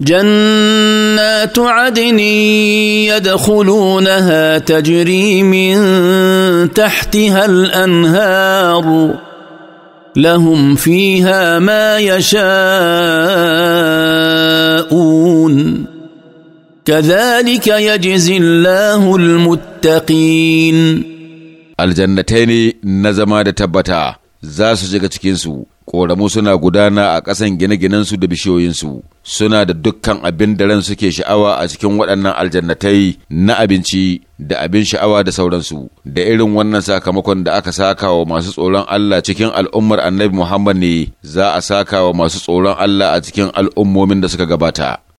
جنات عدن يدخلونها تجري من تحتها الانهار لهم فيها ما يشاءون كذلك يجزي الله المتقين الجنتين نزما تبتا زاسو جيكا ƙoramu suna gudana a ƙasan gine-ginensu da bishiyoyinsu suna da dukkan abin da ran suke sha'awa a cikin waɗannan aljannatai na abinci da abin sha'awa da sauransu da irin wannan sakamakon da aka saka wa masu tsoron Allah cikin al'ummar annabi Muhammad ne za a saka wa masu tsoron Allah a cikin al'ummomin da suka gabata.